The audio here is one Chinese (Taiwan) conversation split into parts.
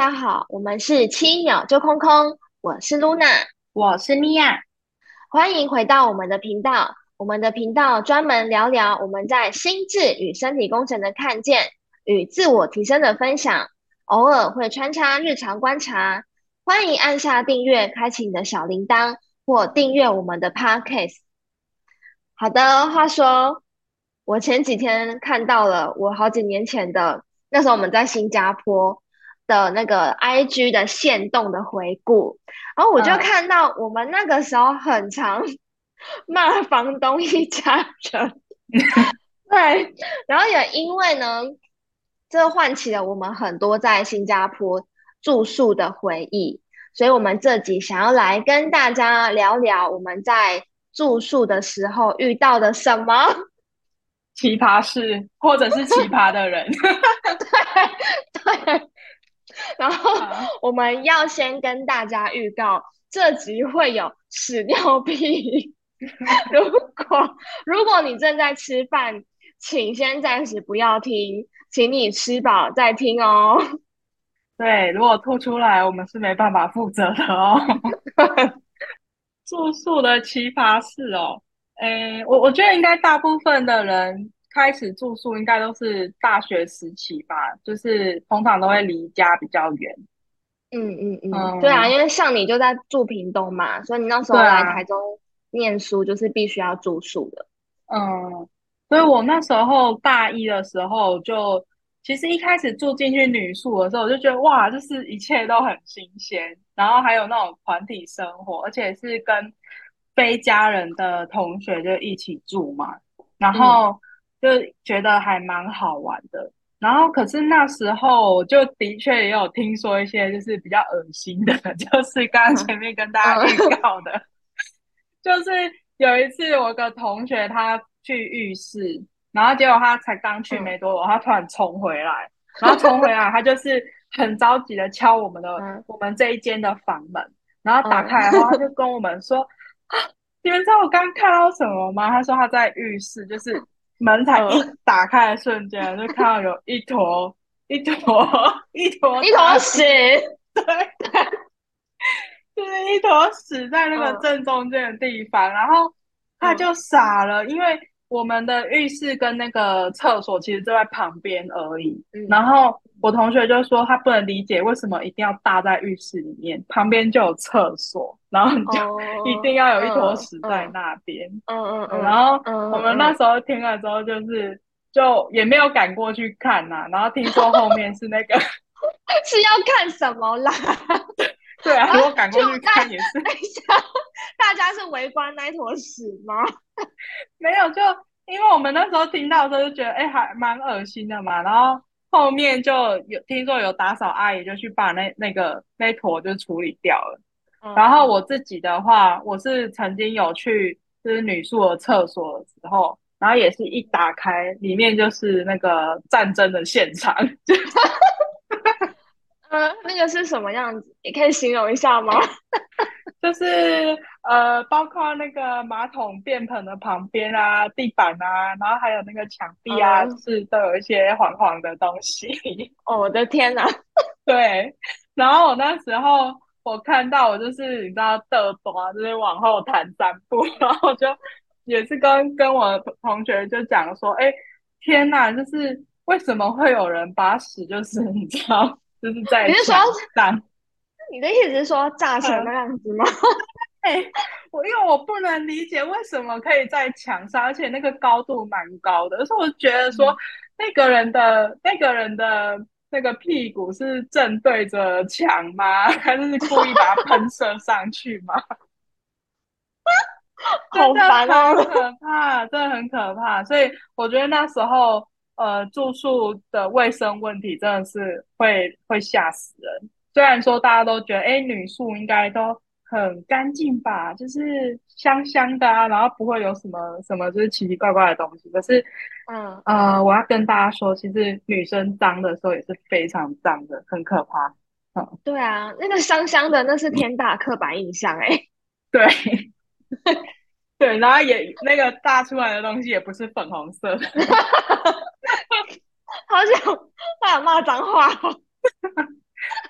大家好，我們是七秒就空空，我是露娜，我是尼婭。歡迎回到我們的頻道，我們的頻道專門聊聊我們在心智與身體工程的看見與自我提升的分享，偶爾會穿插日常觀察。歡迎按下訂閱，開啟你的小鈴鐺，或訂閱我們的 Podcast。好的，話說，我前幾天看到了我好幾年前的，那時候我們在新加坡。的那個 IG 的限動的回顧，然後我就看到我們那個時候很常罵房東一家人，嗯、 對，然後也因為呢，這喚起了我們很多在新加坡住宿的回憶，所以我們這集想要來跟大家聊聊我們在住宿的時候遇到的什麼奇葩事，或者是奇葩的人， 對。對然後我們要先跟大家預告，這集會有屎尿屁。 如果如果你正在吃飯，請先暫時不要聽，請你吃飽再聽哦。對，如果吐出來，我們是沒辦法負責的哦。 住宿的奇葩事哦，誒，我我覺得應該大部分的人。開始住宿應該都是大學時期吧，就是通常都會離家比較遠。嗯嗯嗯，嗯嗯嗯對啊，因為像你就在住屏東嘛，嗯、所以你那時候來台中念書就是必須要住宿的。嗯，所以我那時候大一的時候就，其實一開始住進去女宿的時候，我就覺得哇，就是一切都很新鮮，然後還有那種團體生活，而且是跟非家人的同學就一起住嘛，然後。嗯就覺得還蠻好玩的，然後可是那時候就的確也有聽說一些就是比較噁心的，就是剛剛前面跟大家預告的，嗯嗯、 就是有一次我一個同學他去浴室，然後結果他才剛去沒多久，嗯、他突然衝回來，然後衝回來他就是很着急的敲我們的、嗯嗯、我們這一間的房門，然後打開後他就跟我們說啊，你們知道我剛看到什麼嗎？他說他在浴室就是。門才一打開的瞬間，就看到有一坨、 一坨、一坨、一坨、一坨屎，對，對，就是一坨屎在那個正中間的地方，嗯、然後他就傻了，因為。我們的浴室跟那個廁所其實就在旁邊而已。嗯、然後我同學就說他不能理解為什麼一定要搭在浴室裡面，旁邊就有廁所，然後你就、哦、一定要有一坨屎在那邊。嗯嗯，嗯嗯嗯嗯嗯，然後我們那時候聽了之後，就是就也沒有敢過去看吶、啊。然後聽說後面是那個 是要看什麼啦？對啊，啊我趕過去看也是。啊、大家是圍觀那坨屎嗎？ 沒有，就因為我們那時候聽到的時候就覺得哎、欸，還蠻噁心的嘛。然後後面就有聽說有打掃阿姨就去把那那個那坨就處理掉了。嗯、然後我自己的話，我是曾經有去就是女宿的廁所的時候，然後也是一打開裡面就是那個戰爭的現場。嗯 呃、嗯，那個是什麼樣子？你可以形容一下嗎？就是呃，包括那個馬桶便盆的旁邊啊，地板啊，然後還有那個牆壁啊，嗯、是都有一些黃黃的東西。哦、我的天哪！對，然後我那時候我看到，我就是你知道，抖抖啊，就是往後彈三步，然後我就也是跟跟我的同學就講說，哎、欸，天哪，就是為什麼會有人把屎就是你知道？就是在牆上，你是說，你的意思是說炸成那樣子嗎？ 對因為我不能理解為什麼可以在牆上，而且那個高度蠻高的，所以我覺得說那個人的、嗯、那個人的那個人的那個屁股是正對着牆嗎？還是是故意把它噴射上去嗎？好煩哦，可怕，很可怕，真的很可怕。所以我覺得那時候。呃，住宿的衛生問題真的是會會嚇死人。雖然說大家都覺得，哎，女宿應該都很乾淨吧，就是香香的啊，然後不會有什麼什麼就是奇奇怪怪的東西。可是，嗯呃，我要跟大家說，其實女生髒的時候也是非常髒的，很可怕。嗯、對啊，那個香香的那是天大刻板印象哎、嗯。對， 對，然後也那個炸出來的東西也不是粉紅色的。 好像他有罵髒話哦，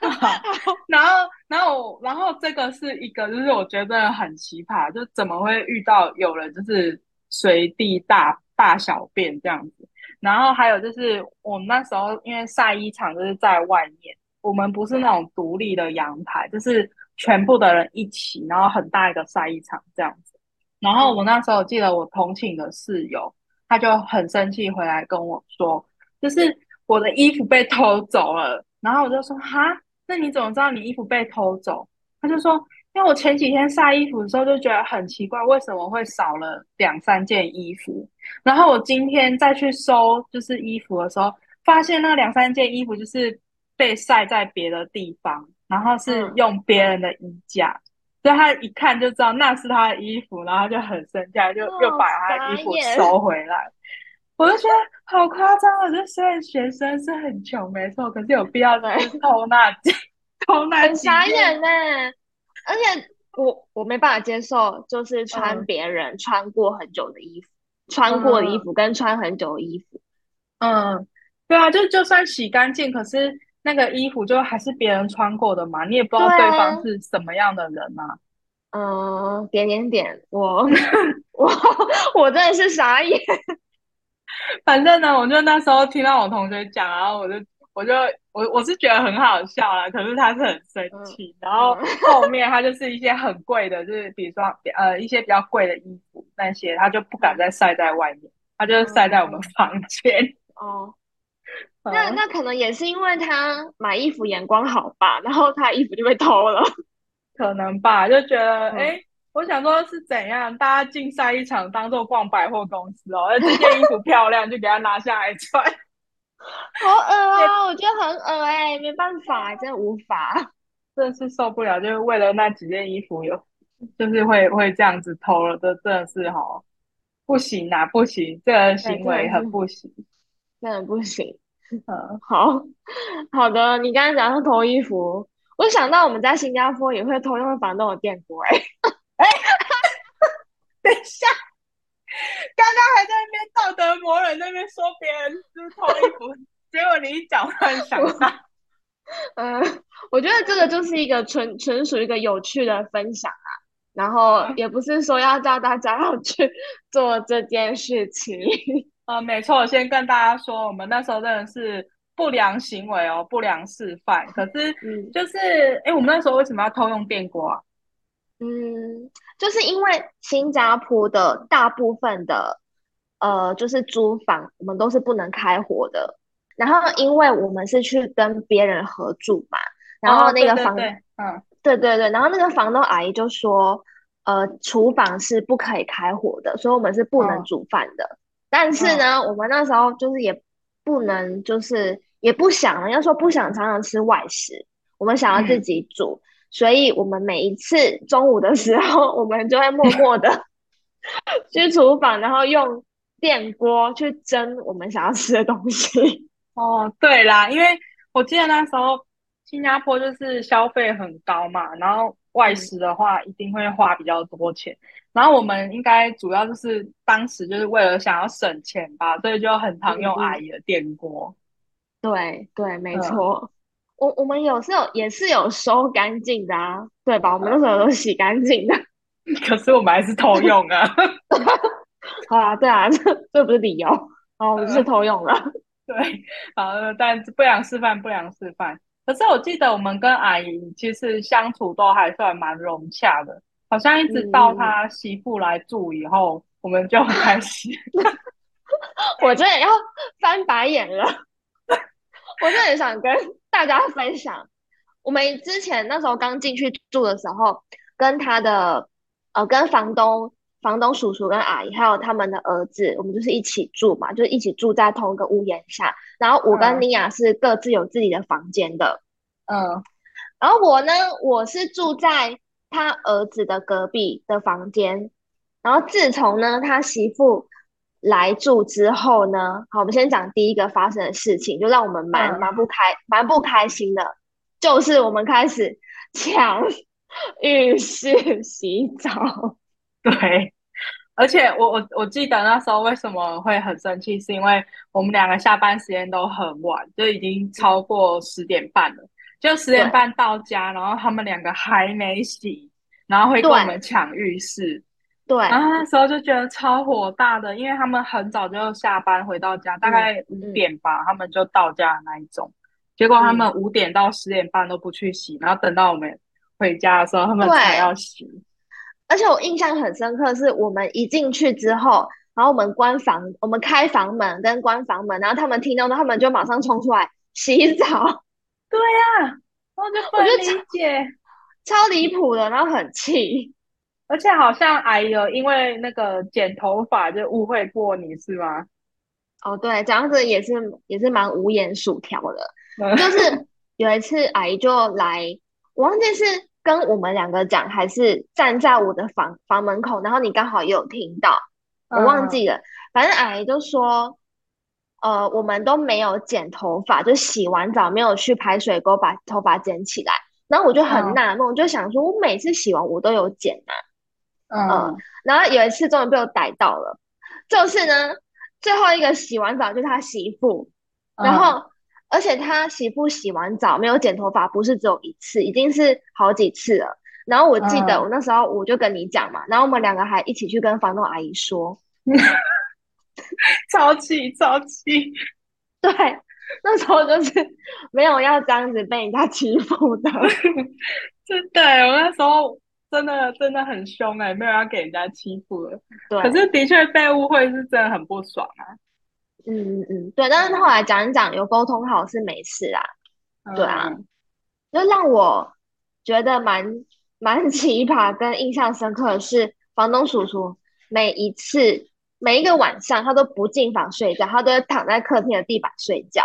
然後，然後，然後這個是一個，就是我覺得很奇葩，就怎麼會遇到有人就是隨地大大小便這樣子？然後還有就是，我們那時候因為曬衣場就是在外面，我們不是那種獨立的陽台，就是全部的人一起，然後很大一個曬衣場這樣子。然後我那時候記得我同寢的室友，他就很生氣回來跟我說。就是我的衣服被偷走了，然後我就說哈，那你怎麼知道你衣服被偷走？他就說，因為我前幾天曬衣服的時候就覺得很奇怪，為什麼會少了兩三件衣服？然後我今天再去收，就是衣服的時候，發現那兩三件衣服就是被曬在別的地方，然後是用別人的衣架，嗯、所以他一看就知道那是他的衣服，然後就很生氣，就又把他的衣服收回來。哦 我就覺得好誇張啊！我就雖然，學生是很窮，沒錯，可是有必要來偷拿 偷拿很傻眼呢！而且我我沒辦法接受，就是穿別人穿過很久的衣服，嗯、穿過的衣服跟穿很久的衣服，嗯，對啊，就就算洗乾淨，可是那個衣服就還是別人穿過的嘛，你也不知道對方是什麼樣的人嘛，啊。嗯，點點點，我 我我真的是傻眼。反正呢，我就那時候聽到我同學講，然後我就，我就，我我是覺得很好笑啦，可是他是很生氣。嗯、然後後面他就是一些很貴的， 就是比如說呃一些比較貴的衣服那些，他就不敢再曬在外面，他、嗯、就是曬在我們房間、嗯。哦，嗯、那那可能也是因為他買衣服眼光好吧，然後他衣服就被偷了，可能吧，就覺得哎。嗯我想說，是怎樣大家競賽一場，當作逛百貨公司哦，而這件衣服漂亮， 就給他拿下來穿，好惡啊！ 對我覺得很惡哎、欸，沒辦法，真的無法，真的是受不了。就是為了那幾件衣服有，有就是會會這樣子偷了，這真的是哈，不行啊，不行，這個、行為很不行真不，真的不行。嗯，好好的，你剛剛講偷衣服，我想到我們在新加坡也會偷，因為房東有電鍋哎。哎，等一下，剛剛還在那邊道德魔人那邊說別人是是偷衣服，結果 你一講反了。嗯、呃，我覺得這個就是一個純純屬一個有趣的分享啊，然後也不是說要叫大家要去做這件事情、嗯。呃，沒錯，我先跟大家說，我們那時候真的是不良行為哦，不良示範。可是就是，哎、嗯，我們那時候為什麼要偷用電鍋？啊？嗯，就是因為新加坡的大部分的呃，就是租房，我們都是不能開火的。然後，因為我們是去跟別人合住嘛，然後那個房，哦、對對對嗯，對對對，然後那個房東阿姨就說，呃，廚房是不可以開火的，所以我們是不能煮飯的。哦、但是呢，哦、我們那時候就是也不能，就是也不想，要說不想常常吃外食，我們想要自己煮。嗯所以，我們每一次中午的時候，我們就會默默的 去廚房，然後用電鍋去蒸我們想要吃的東西。哦，對啦，因為我記得那時候新加坡就是消費很高嘛，然後外食的話一定會花比較多錢。嗯、然後，我們應該主要就是當時就是為了想要省錢吧，所以就很常用阿姨的電鍋、嗯。對對，沒錯。嗯我我們有時候也是有收乾淨的啊，對吧，把我們那時候都洗乾淨的。可是我們還是偷用啊！ 好啊，對啊，這這不是理由啊，我、oh, 們、嗯、是偷用了。對，啊，但不良示範，不良示範。可是我記得我們跟阿姨其實相處都還算蠻融洽的，好像一直到她媳婦來住以後，嗯、我們就開始。 我真的要翻白眼了， 我真的想跟。 大家分享，我們之前那時候剛進去住的時候，跟他的呃，跟房東、房東叔叔跟阿姨，還有他們的兒子，我們就是一起住嘛，就是一起住在同一個屋檐下。然後我跟尼婭是各自有自己的房間的，嗯、啊，然後我呢，我是住在他兒子的隔壁的房間。然後自從呢，他媳婦，來住之後呢？好，我們先講第一個發生的事情，就讓我們蠻、嗯、蠻不開蠻不開心的，就是我們開始搶浴室洗澡。對，而且我我我記得那時候為什麼會很生氣，是因為我們兩個下班時間都很晚，就已經超過十點半了，就十點半到家，對然後他們兩個還沒洗，然後會跟我們搶浴室。對，然後那時候就覺得超火大的，因為他們很早就下班回到家，嗯、大概五點吧，嗯、他們就到家的那一種。嗯、結果他們五點到十點半都不去洗，對然後等到我們回家的時候，他們才要洗。而且我印象很深刻，是我們一進去之後，然後我們關房，我們開房門跟關房門，然後他們聽到，然後他們就馬上衝出來洗澡。對啊，我就不理解，超，超離譜的，然後很氣。而且好像阿姨有因為那個剪頭髮就誤會過你是吧？哦，對，這樣子也是也是蠻無言薯條的。 就是有一次阿姨就來，我忘記是跟我們兩個講，還是站在我的房房門口，然後你剛好也有聽到，我忘記了。啊、反正阿姨就說，呃，我們都沒有剪頭髮，就洗完澡沒有去排水溝把頭髮剪起來。然後我就很納悶，啊、我就想說我每次洗完我都有剪嘛、啊。嗯，嗯，然後有一次終於被我逮到了，就是呢，最後一個洗完澡就是他媳婦，然後、嗯、而且他媳婦洗完澡沒有剪頭髮，不是只有一次，已經是好幾次了。然後我記得我那時候我就跟你講嘛，嗯、然後我們兩個還一起去跟房東阿姨說， 超氣超氣，對，那時候就是沒有要這樣子被人家欺負的，真 的，我那時候。真的真的很兇哎、欸，沒有要給人家欺負了。對，可是的確被誤會是真的很不爽啊。嗯嗯嗯，對。但是後來講一講，嗯、有溝通好是沒事啦。嗯、對啊，就讓我覺得蠻蠻奇葩跟印象深刻的是，房東叔叔每一次每一個晚上他都不進房睡覺，他都躺在客廳的地板睡覺。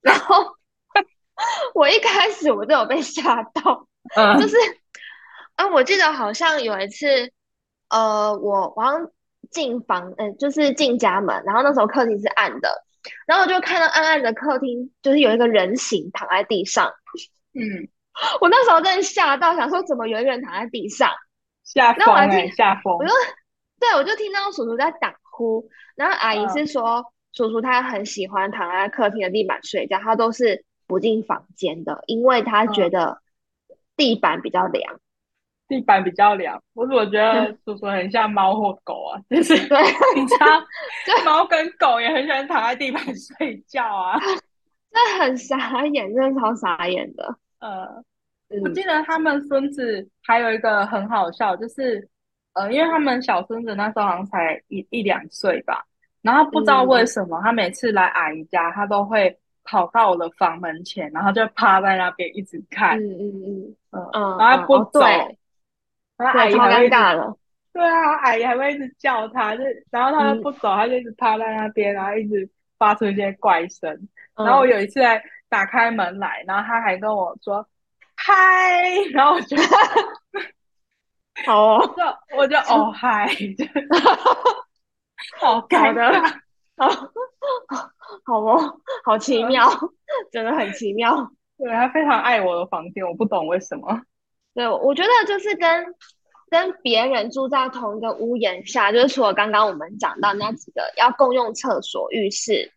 然後、嗯、 我一開始我就有被嚇到，就是。嗯啊，我記得好像有一次，呃，我剛進房，嗯，就是進家門，然後那時候客廳是暗的，然後我就看到暗暗的客廳，就是有一個人形躺在地上，嗯，我那時候真嚇到，想說怎麼有一個人躺在地上？下風？下風？我就對，我就聽到叔叔在打呼，然後阿姨是說，嗯、叔叔他很喜歡躺在客廳的地板睡覺，他都是不進房間的，因為他覺得地板比較涼。嗯地板比較涼，我怎麼覺得叔叔很像貓或狗啊？就是你家貓跟狗也很喜歡躺在地板睡覺啊，這 很傻眼，真的超傻眼的。呃，我記得他們孫子還有一個很好笑，就是呃，因為他們小孫子那時候好像才一一兩歲吧，然後不知道為什麼、嗯、他每次來阿姨家，他都會跑到我的房門前，然後就趴在那邊一直看，嗯嗯嗯，嗯，嗯 uh, uh, 然後不走。哦他阿姨尷尬了，對啊，阿姨還會一直叫他，就然後他就不走，嗯、他就一直趴在那邊，然後一直發出一些怪聲。嗯、然後我有一次來打開門來，然後他還跟我說“嗨”，然後我覺得“ 好哦”，我就“我就哦嗨 ”，hi, 好尷尬，好的，好，好哦，好奇妙，我真的很奇妙。對，他非常愛我的房間，我不懂為什麼。對，我覺得就是跟跟別人住在同一個屋檐下，就是除了剛剛我們講到那幾個要共用廁所、浴室，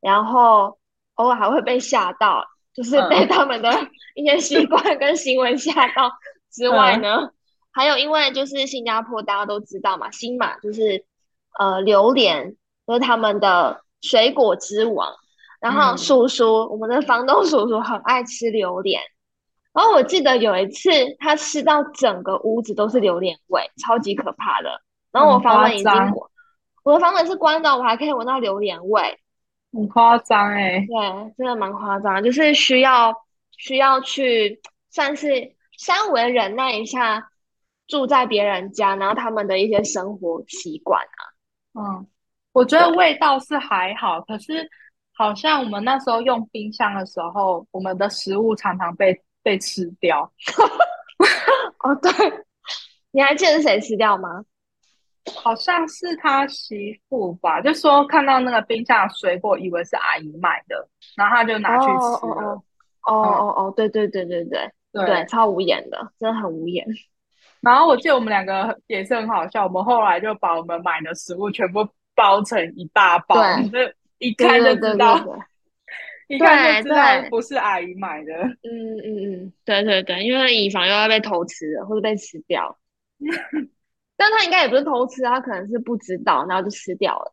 然後偶爾還會被嚇到，就是被他們的一些習慣跟行為嚇到之外呢，嗯、 還有因為就是新加坡大家都知道嘛，新馬就是呃榴蓮就是他們的水果之王，然後叔叔、嗯、我們的房東叔叔很愛吃榴蓮。然後我記得有一次，他吃到整個屋子都是榴蓮味，超級可怕的。然後我房門已經我，嗯、我的房門是關的，我還可以聞到榴蓮味，很、嗯、誇張誒、欸。對，真的蠻誇張，就是需要需要去算是稍微忍耐一下，住在別人家，然後他們的一些生活習慣啊。嗯，我覺得味道是還好，對可是好像我們那時候用冰箱的時候，我們的食物常常被。被吃掉？ 哦，對，你還記得是誰吃掉嗎？好像是他媳婦吧，就說看到那個冰箱水果，以為是阿姨買的，然後他就拿去吃了。哦哦哦，oh, oh, oh, oh, 對對對對對對，對，超無言的，真的很無言。然後我記得我們兩個也是很好笑，我們後來就把我們買的食物全部包成一大包，對就一看就知道。對對對對對對對對，不是阿姨買的。嗯嗯嗯，對對對，因為以防又要被偷吃或者被吃掉。 但他應該也不是偷吃，他可能是不知道，然後就吃掉了。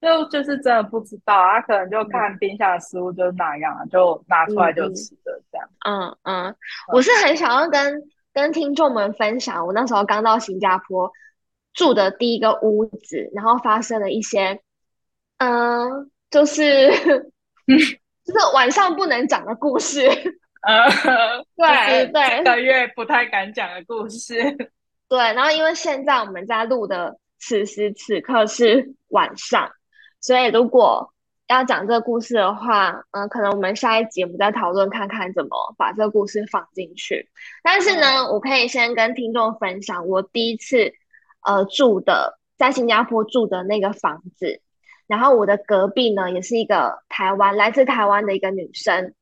就就是真的不知道，他可能就看冰箱的食物就是那樣，嗯、就拿出來就吃的這樣。嗯嗯，嗯嗯嗯，我是很想要跟跟聽眾們分享，我那時候剛到新加坡住的第一個屋子，然後發生了一些，嗯，就是。嗯。 就是晚上不能講的故事，呃、嗯，對 對，因為不太敢講的故事。對，然後因為現在我們在錄的此時此刻是晚上，所以如果要講這個故事的話，嗯、呃，可能我們下一集我們再討論看看怎麼把這個故事放進去。但是呢，嗯、我可以先跟聽眾分享我第一次呃住的，在新加坡住的那個房子。然後我的隔壁呢，也是一個台灣，來自台灣的一個女生，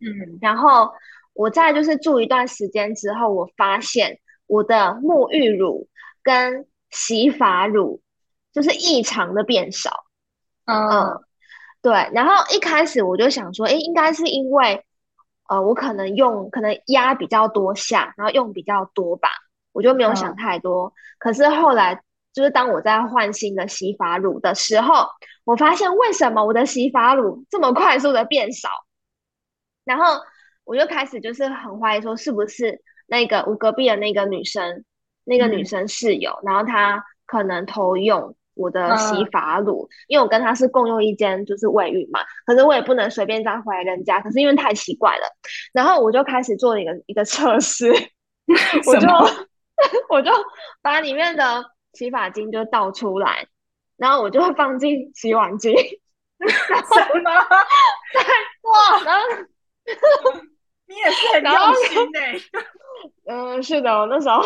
嗯哼，然後我在就是住一段時間之後，我發現我的沐浴乳跟洗髮乳就是異常的變少，嗯，嗯，對，然後一開始我就想說，哎，應該是因為，呃，我可能用可能壓比較多下，然後用比較多吧，我就沒有想太多，嗯、可是後來。就是當我在換新的洗髮乳的時候，我發現為什麼我的洗髮乳這麼快速的變少？然後我就開始就是很懷疑說，是不是那個我隔壁的那個女生，那個女生室友，嗯、然後她可能偷用我的洗髮乳，嗯、因為我跟她是共用一間就是衛浴嘛，可是我也不能隨便再回懷疑人家，可是因為太奇怪了，然後我就開始做一個一個測試， 我就什麼？ 我就把裡面的。洗髮精就倒出來，然後我就會放進洗碗機。然後呢，再 麼 哇，然後、呃、你也是很用心的。嗯、呃，是的，我那時候，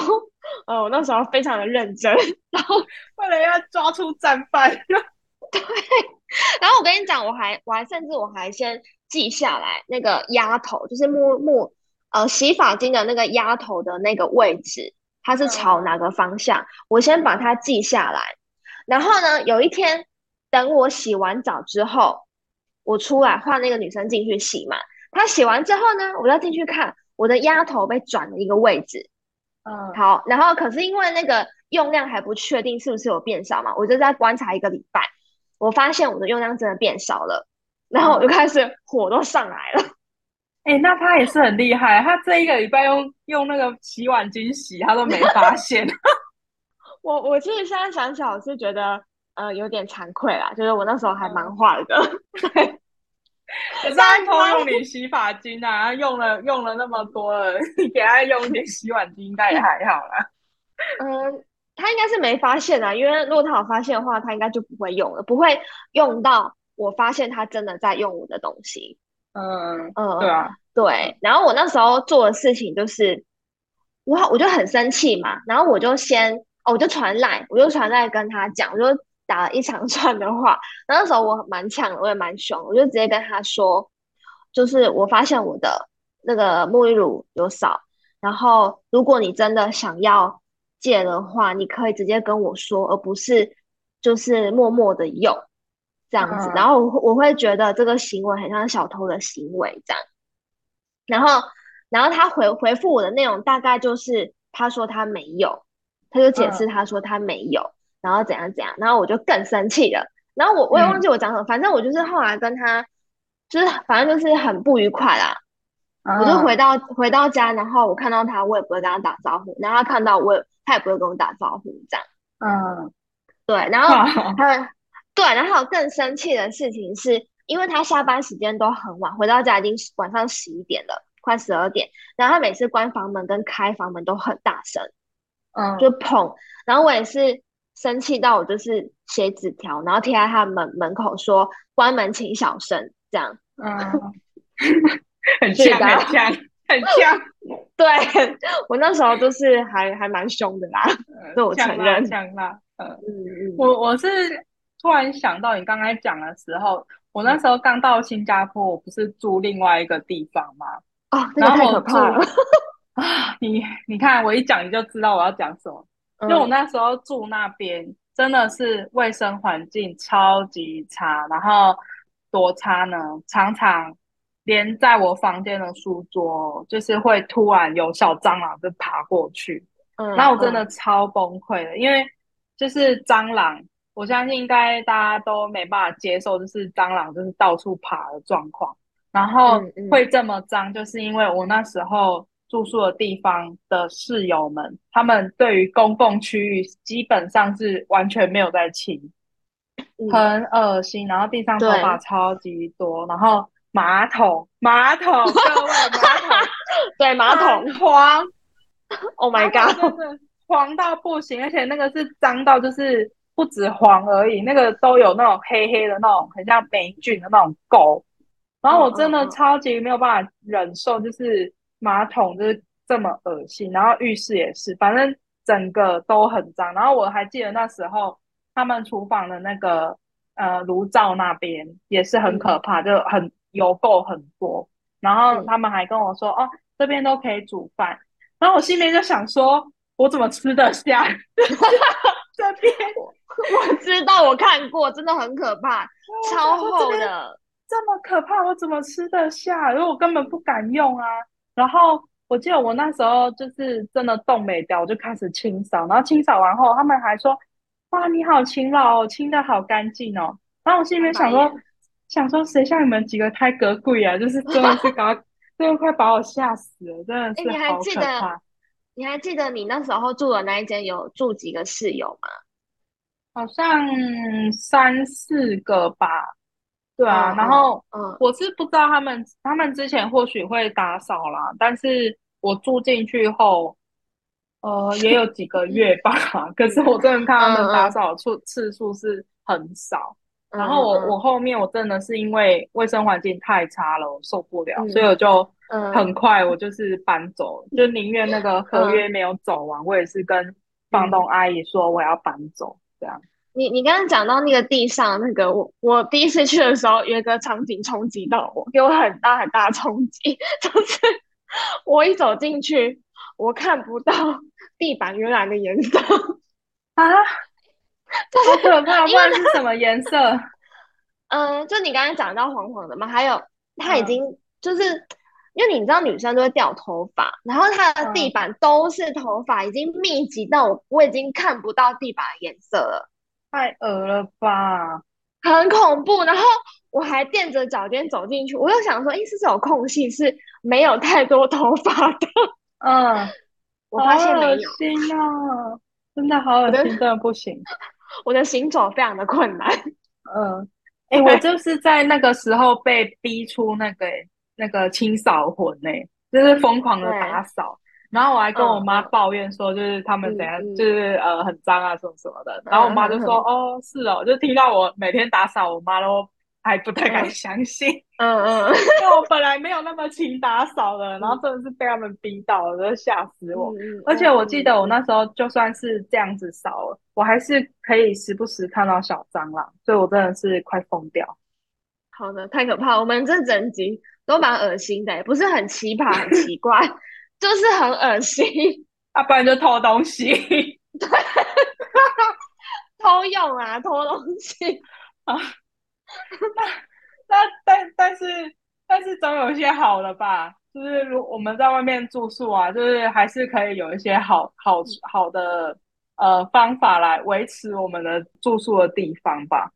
嗯、呃，我那時候非常的認真， 然後 為了要抓出戰犯。對，然後我跟你講，我還我還甚至我還先記下來那個壓頭，就是摸摸呃洗髮精的那個壓頭的那個位置。它是朝哪個方向？嗯，我先把它記下來。然後呢，有一天，等我洗完澡之後，我出來換那個女生進去洗嘛。她洗完之後呢，我要進去看，我的丫頭被轉了一個位置。嗯，好。然後可是因為那個用量還不確定是不是有變少嘛，我就在觀察一個禮拜。我發現我的用量真的變少了，然後我就開始火都上來了。嗯哎、欸，那他也是很厲害、啊。他這一個禮拜用用那個洗碗精洗，他都沒發現。 我我其實現在想起來，我是覺得呃有點慚愧啦，就是我那時候還蠻壞的。是在偷用你洗髮精啊？用了用了那麼多了，你給他用點洗碗精，但也還好啦。嗯、 呃，他應該是沒發現啊，因為如果他有發現的話，他應該就不會用了，不會用到我發現他真的在用我的東西。嗯嗯，對、嗯、對。對，然後我那時候做的事情就是，我我就很生氣嘛。然後我就先，哦，我就傳 LINE，我就傳 LINE 跟他講，我就打了一長串的話。那那時候我蠻嗆的，我也蠻兇，我就直接跟他說，就是我發現我的那個沐浴乳有少。然後如果你真的想要借的話，你可以直接跟我說，而不是就是默默的用。這樣子，然後我我會覺得這個行為很像小偷的行為，這樣。然後，然後他回回覆我的內容大概就是，他說他沒有，他就解釋他說他沒有，uh, 然後怎樣怎樣，然後我就更生氣了。然後我我也忘記我講什麼，嗯、反正我就是後來跟他，就是反正就是很不愉快啦。Uh, 我就回到回到家，然後我看到他，我也不會跟他打招呼。然後他看到我也，他也不會跟我打招呼，這樣。嗯，uh, 對。然後他。Uh, 對，然後還更生氣的事情是，是因為他下班時間都很晚，回到家已經晚上十一點了，快十二點。然後他每次關房門跟開房門都很大聲，嗯，就砰。然後我也是生氣到我就是寫紙條，然後貼在他的門門口說“關門請小聲”，這樣。嗯，很像 對，很像，很像。 對我那時候就是還還蠻凶的啦，這、呃、我承認。呃嗯嗯、我我是。突然想到你剛才講的時候，我那時候剛到新加坡，我不是住另外一個地方嗎？啊，然後我怕你，你看我一講你就知道我要講什麼，嗯、因為我那時候住那邊真的是衛生環境超級差，然後多差呢，常常連在我房間的書桌，就是會突然有小蟑螂就爬過去。嗯，那我真的超崩潰的，嗯、因為就是蟑螂。我相信應該大家都沒辦法接受，就是蟑螂就是到處爬的狀況，然後會這麼髒，就是因為我那時候住宿的地方的室友們，他們對於公共區域基本上是完全沒有在清，嗯、很噁心，然後地上頭髮超級多，對然後馬桶馬桶各位馬桶 對馬桶黃，Oh my god，黃到不行， 而且那個是髒到就是。不止黃而已，那個都有那種黑黑的那種，很像霉菌的那種垢。然後我真的超級沒有辦法忍受，就是馬桶就是這麼噁心，然後浴室也是，反正整個都很髒。然後我還記得那時候他們廚房的那個呃、爐灶那邊也是很可怕，嗯、就很油垢很多。然後他們還跟我說哦、嗯啊，這邊都可以煮飯。然後我心裡面就想說，我怎麼吃得下？ 這邊我，我知道我看過，真的很可怕，哦、超厚的這，這麼可怕，我怎麼吃得下？如果我根本不敢用啊。然後我記得我那時候就是真的凍沒掉。我就開始清掃。然後清掃完後，他們還說：“哇，你好勤勞哦，清得好乾淨哦。”然後我心裡面想說：“想說誰像你們幾個太格貴啊？就是真的是搞，真的 快把我嚇死了，真的是好可怕。欸”你還記得你那時候住的那一間有住幾個室友嗎？好像三四個吧。對啊，嗯、然後，嗯，我是不知道他們，嗯、他們之前或許會打掃啦，但是我住進去後，呃，也有幾個月吧， 可是我真的看他們打掃次次數是很少。然後我我後面我真的是因為衛生環境太差了，我受不了，嗯、所以我就很快我就是搬走，嗯、就寧願那個合約沒有走完。嗯、我也是跟房東阿姨說我要搬走，嗯、這樣。你你剛剛講到那個地上那個，我我第一次去的時候，有一個場景衝擊到我，給我很大很大衝擊，就是我一走進去，我看不到地板原來的顏色啊。好可怕！不知道是什麼顏色。嗯，就你剛剛講到黃黃的嘛，還有他已經就是、嗯、因為你知道女生都會掉頭髮，然後她的地板都是頭髮，已經密集到、嗯、我我已經看不到地板的顏色了。太惡了吧！很恐怖。然後我還墊着腳尖走進去，我又想說，咦、欸，是這種空隙是沒有太多頭髮的？嗯，我發現沒有。惡心啊，真的好噁心，就真的不行。我的行走非常的困難，嗯、呃，我就是在那個時候被逼出那個那個清掃魂呢、欸，就是瘋狂的打掃，嗯、然後我還跟我媽抱怨說，就是他們怎樣，就是呃很髒啊，什麼什麼的，嗯嗯、然後我媽就說，嗯嗯、哦，是哦，就聽到我每天打掃，我媽都。還不太敢相信，嗯嗯，嗯嗯嗯，因為我本來沒有那麼勤打掃的。 然後真的是被他們逼到了，都嚇、嗯、死我。而且我記得我那時候就算是這樣子掃了，嗯嗯、我還是可以時不時看到小蟑螂，所以我真的是快瘋掉。好的，太可怕。我們這整集都蠻噁心的、欸，不是很奇葩、很奇怪， 就是很噁心。要、啊、不然就偷東西， 偷用啊，偷東西啊。 那，那但但是但是總有一些好的吧，就是如我們在外面住宿啊，就是還是可以有一些好好好的呃方法來維持我們的住宿的地方吧。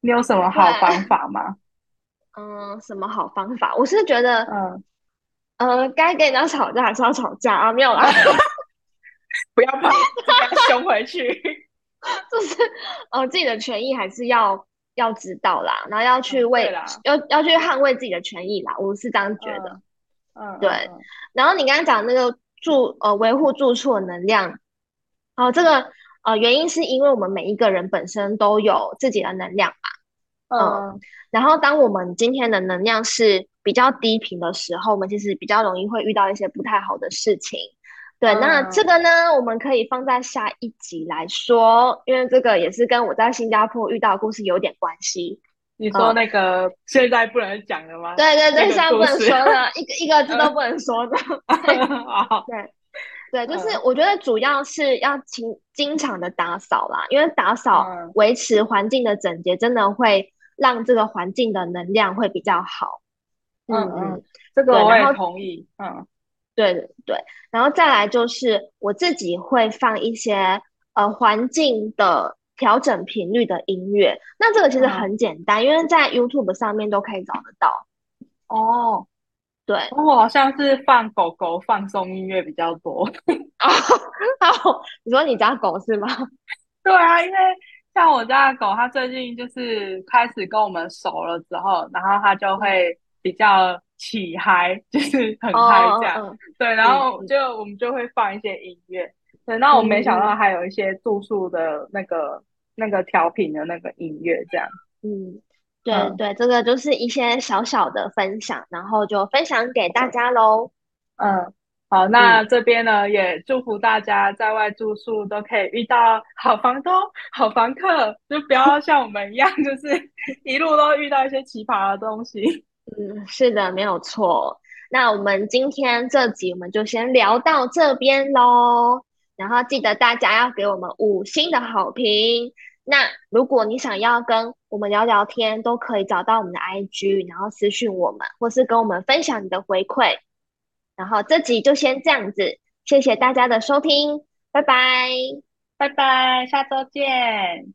你有什麼好方法嗎？嗯、呃，什麼好方法？我是覺得，呃，該跟人家吵架還是要吵架啊，沒有啦！ 不要被這樣凶回去， 就是呃自己的權益還是要。要知道啦，然後要去為、嗯、要要去捍衛自己的權益啦，我是這樣覺得。嗯，嗯對。嗯嗯嗯、然後你剛剛講那個住呃維護住處的能量，哦、呃，這個呃原因是因為我們每一個人本身都有自己的能量吧。呃、嗯。然後，當我們今天的能量是比較低頻的時候，我們其實比較容易會遇到一些不太好的事情。對，那這個呢，我們可以放在下一集來說，因為這個也是跟我在新加坡遇到的故事有點關係。你說那個現在不能講的嗎？對對對，現在不能說的，一個一個字都不能說的。對對，就是我覺得主要是要經經常的打掃啦，因為打掃維持環境的整潔，真的會讓這個環境的能量會比較好。嗯嗯，這個我也同意。嗯。對對對，然後再來就是我自己會放一些呃環境的調整頻率的音樂，那這個其實很簡單，嗯，因為在 YouTube 上面都可以找得到。哦，對，我好像是放狗狗放鬆音樂比較多。哦，你說你家狗是嗎？對啊，因為像我家的狗，它最近就是開始跟我們熟了之後，然後它就會比較。起嗨就是很嗨這樣，oh, uh, uh, 對，然後就我們就會放一些音樂，嗯、對，那我沒想到還有一些住宿的那個、嗯、那個調頻的那個音樂這樣，嗯，對嗯對，這個就是一些小小的分享，然後就分享給大家嘍。Okay. 嗯，好，那這邊呢、嗯、也祝福大家在外住宿都可以遇到好房東、好房客，就不要像我們一樣， 就是一路都遇到一些奇葩的東西。嗯，是的，沒有錯。那我們今天這集我們就先聊到這邊嘍。然後記得大家要給我們五星的好評。那如果你想要跟我們聊聊天，都可以找到我們的 IG，然後私訊我們，或是跟我們分享你的回饋。然後這集就先這樣子，謝謝大家的收聽，拜拜，拜拜，下週見。